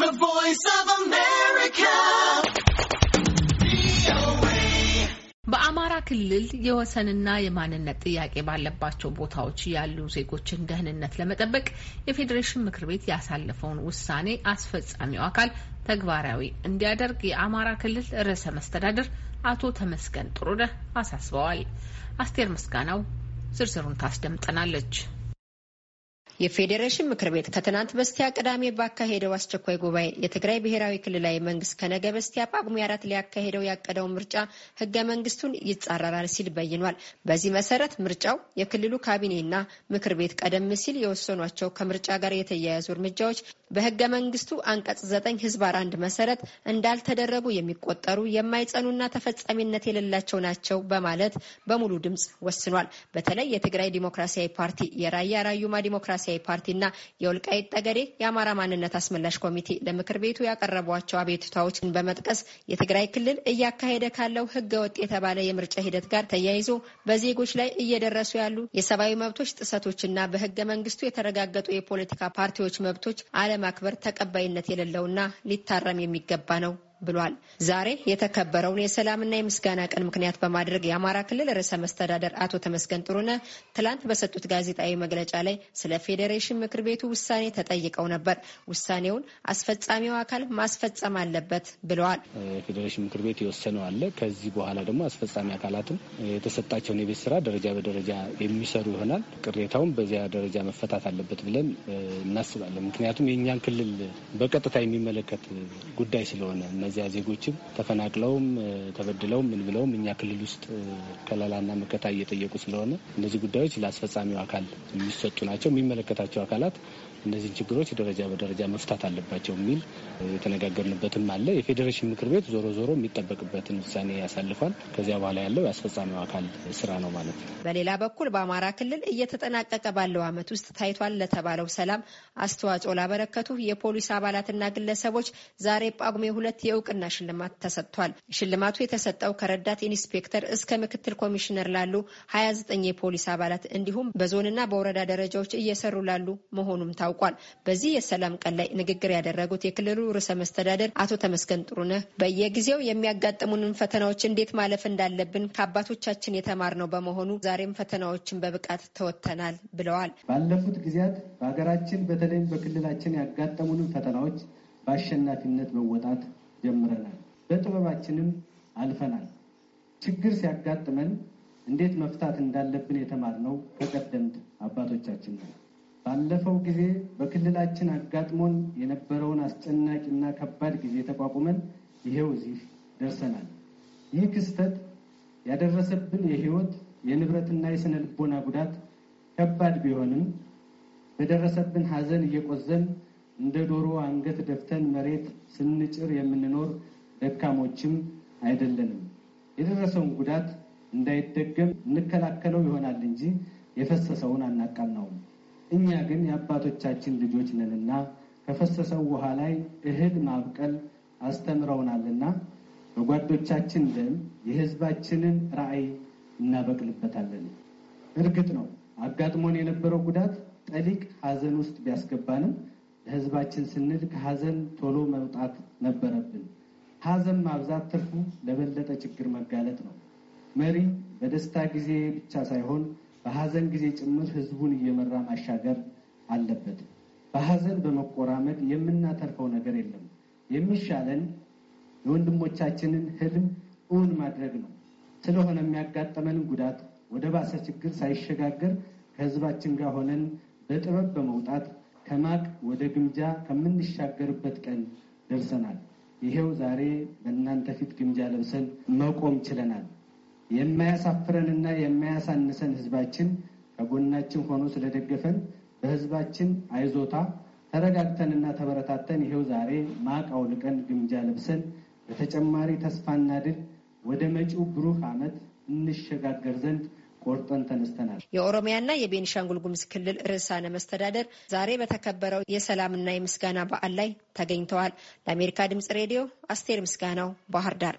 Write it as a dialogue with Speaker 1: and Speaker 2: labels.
Speaker 1: The Voice of America.
Speaker 2: በአማራ ክልል የወሰንና የማንነት ጥያቄ ባለባቸው ቦታዎች ያሉ ዜጎችን ደህንነት ለመጠበቅ የፌዴሬሽን ምክር ቤት ያሳለፈውን ውሳኔ አስፈጻሚው አካል ተግባራዊ እንዲያደርግ የአማራ ክልል ርዕሰ መስተዳድር አቶ ተመስገን ጥሩነህ አሳስበዋል። አስቴር ምስጋናው ዝርዝሩን ታስደምጠናለች። የፌዴሬሽን ምክር ቤት ከትናንት በስቲያ ቅዳሜ ባካሄደው አስቸኳይ ጉባኤ የትግራይ ብሔራዊ ክልላዊ መንግስት ከነገ በስቲያ ጳጉሜ አራት ሊያካሄደው ያቀደው ምርጫ ህገ መንግስቱን ይጻረራል ሲል በይኗል። በዚህ መሰረት ምርጫው የክልሉ ካቢኔና ምክር ቤት ቀደም ሲል የወሰኗቸው ከምርጫ ጋር የተያያዙ እርምጃዎች በህገ መንግስቱ አንቀጽ ዘጠኝ ህዝባር አንድ መሰረት እንዳልተደረጉ የሚቆጠሩ የማይጸኑና ተፈጻሚነት የሌላቸው ናቸው በማለት በሙሉ ድምፅ ወስኗል። በተለይ የትግራይ ዲሞክራሲያዊ ፓርቲ፣ የራያ ራዩማ ዲሞክራሲያዊ ፓርቲና የወልቃይት ጠገዴ የአማራ ማንነት አስመላሽ ኮሚቴ ለምክር ቤቱ ያቀረቧቸው አቤቱታዎችን በመጥቀስ የትግራይ ክልል እያካሄደ ካለው ህገ ወጥ የተባለ የምርጫ ሂደት ጋር ተያይዞ በዜጎች ላይ እየደረሱ ያሉ የሰብአዊ መብቶች ጥሰቶችና በህገ መንግስቱ የተረጋገጡ የፖለቲካ ፓርቲዎች መብቶች አለ ለማክበር ተቀባይነት የሌለውና ሊታረም የሚገባ ነው ብሏል። ዛሬ የተከበረውን የሰላምና የምስጋና ቀን ምክንያት በማድረግ የአማራ ክልል ርዕሰ መስተዳደር አቶ ተመስገን ጥሩነህ ትላንት በሰጡት ጋዜጣዊ መግለጫ ላይ ስለ ፌዴሬሽን ምክር ቤቱ ውሳኔ ተጠይቀው ነበር። ውሳኔውን አስፈጻሚው አካል ማስፈጸም አለበት ብለዋል።
Speaker 3: ፌዴሬሽን ምክር ቤት የወሰነው አለ። ከዚህ በኋላ ደግሞ አስፈጻሚ አካላትም የተሰጣቸውን የቤት ስራ ደረጃ በደረጃ የሚሰሩ ይሆናል። ቅሬታውን በዚያ ደረጃ መፈታት አለበት ብለን እናስባለን። ምክንያቱም የእኛን ክልል በቀጥታ የሚመለከት ጉዳይ ስለሆነ እነዚያ ዜጎችም ተፈናቅለውም ተበድለውም ምን ብለውም እኛ ክልል ውስጥ ከለላና መከታ እየጠየቁ ስለሆነ እነዚህ ጉዳዮች ለአስፈጻሚው አካል የሚሰጡ ናቸው። የሚመለከታቸው አካላት እነዚህን ችግሮች ደረጃ በደረጃ መፍታት አለባቸው የሚል የተነጋገርንበትም አለ። የፌዴሬሽን ምክር ቤት ዞሮ ዞሮ የሚጠበቅበትን ውሳኔ ያሳልፋል። ከዚያ በኋላ ያለው የአስፈጻሚው አካል ስራ ነው ማለት ነው።
Speaker 2: በሌላ በኩል በአማራ ክልል እየተጠናቀቀ ባለው ዓመት ውስጥ ታይቷል ለተባለው ሰላም አስተዋጽኦ ላበረከቱ የፖሊስ አባላትና ግለሰቦች ዛሬ ጳጉሜ ሁለት የእውቅና ሽልማት ተሰጥቷል። ሽልማቱ የተሰጠው ከረዳት ኢንስፔክተር እስከ ምክትል ኮሚሽነር ላሉ 29 የፖሊስ አባላት እንዲሁም በዞንና በወረዳ ደረጃዎች እየሰሩ ላሉ መሆኑም ታውቋል። አስታውቋል። በዚህ የሰላም ቀን ላይ ንግግር ያደረጉት የክልሉ ርዕሰ መስተዳደር አቶ ተመስገን ጥሩነህ በየጊዜው የሚያጋጥሙንን ፈተናዎች እንዴት ማለፍ እንዳለብን ከአባቶቻችን የተማርነው በመሆኑ ዛሬም ፈተናዎችን በብቃት ተወጥተናል ብለዋል።
Speaker 1: ባለፉት ጊዜያት በሀገራችን በተለይም በክልላችን ያጋጠሙንን ፈተናዎች በአሸናፊነት መወጣት ጀምረናል። በጥበባችንም አልፈናል። ችግር ሲያጋጥመን እንዴት መፍታት እንዳለብን የተማርነው ከቀደምት አባቶቻችን ነው። ባለፈው ጊዜ በክልላችን አጋጥሞን የነበረውን አስጨናቂና ከባድ ጊዜ ተቋቁመን ይሄው እዚህ ደርሰናል። ይህ ክስተት ያደረሰብን የህይወት የንብረትና የስነ ልቦና ጉዳት ከባድ ቢሆንም በደረሰብን ሐዘን እየቆዘን እንደ ዶሮ አንገት ደፍተን መሬት ስንጭር የምንኖር ደካሞችም አይደለንም። የደረሰውን ጉዳት እንዳይደገም እንከላከለው ይሆናል እንጂ የፈሰሰውን አናቃናውም። እኛ ግን የአባቶቻችን ልጆች ነንና ከፈሰሰው ውሃ ላይ እህል ማብቀል አስተምረውናልና በጓዶቻችን ደም የሕዝባችንን ራዕይ እናበቅልበታለን። እርግጥ ነው አጋጥሞን የነበረው ጉዳት ጠሊቅ ሐዘን ውስጥ ቢያስገባንም ለሕዝባችን ስንል ከሐዘን ቶሎ መውጣት ነበረብን። ሐዘን ማብዛት ትርፉ ለበለጠ ችግር መጋለጥ ነው። መሪ በደስታ ጊዜ ብቻ ሳይሆን በሐዘን ጊዜ ጭምር ህዝቡን እየመራ ማሻገር አለበት። በሐዘን በመቆራመድ የምናተርፈው ነገር የለም። የሚሻለን የወንድሞቻችንን ህልም እውን ማድረግ ነው። ስለሆነ የሚያጋጠመን ጉዳት ወደ ባሰ ችግር ሳይሸጋገር ከህዝባችን ጋር ሆነን በጥበብ በመውጣት ከማቅ ወደ ግምጃ ከምንሻገርበት ቀን ደርሰናል። ይሄው ዛሬ በእናንተ ፊት ግምጃ ለብሰን መቆም ችለናል። የማያሳፍረንና የማያሳንሰን ህዝባችን ከጎናችን ሆኖ ስለደገፈን በህዝባችን አይዞታ ተረጋግተንና ተበረታተን ይሄው ዛሬ ማቅ አውልቀን ግምጃ ለብሰን በተጨማሪ ተስፋና ድል ወደ መጪው ብሩህ ዓመት እንሸጋገር ዘንድ ቆርጠን ተነስተናል።
Speaker 2: የኦሮሚያና የቤኒሻንጉል ጉሙዝ ክልል ርዕሳነ መስተዳደር ዛሬ በተከበረው የሰላምና የምስጋና በዓል ላይ ተገኝተዋል። ለአሜሪካ ድምጽ ሬዲዮ አስቴር ምስጋናው ባህር ዳር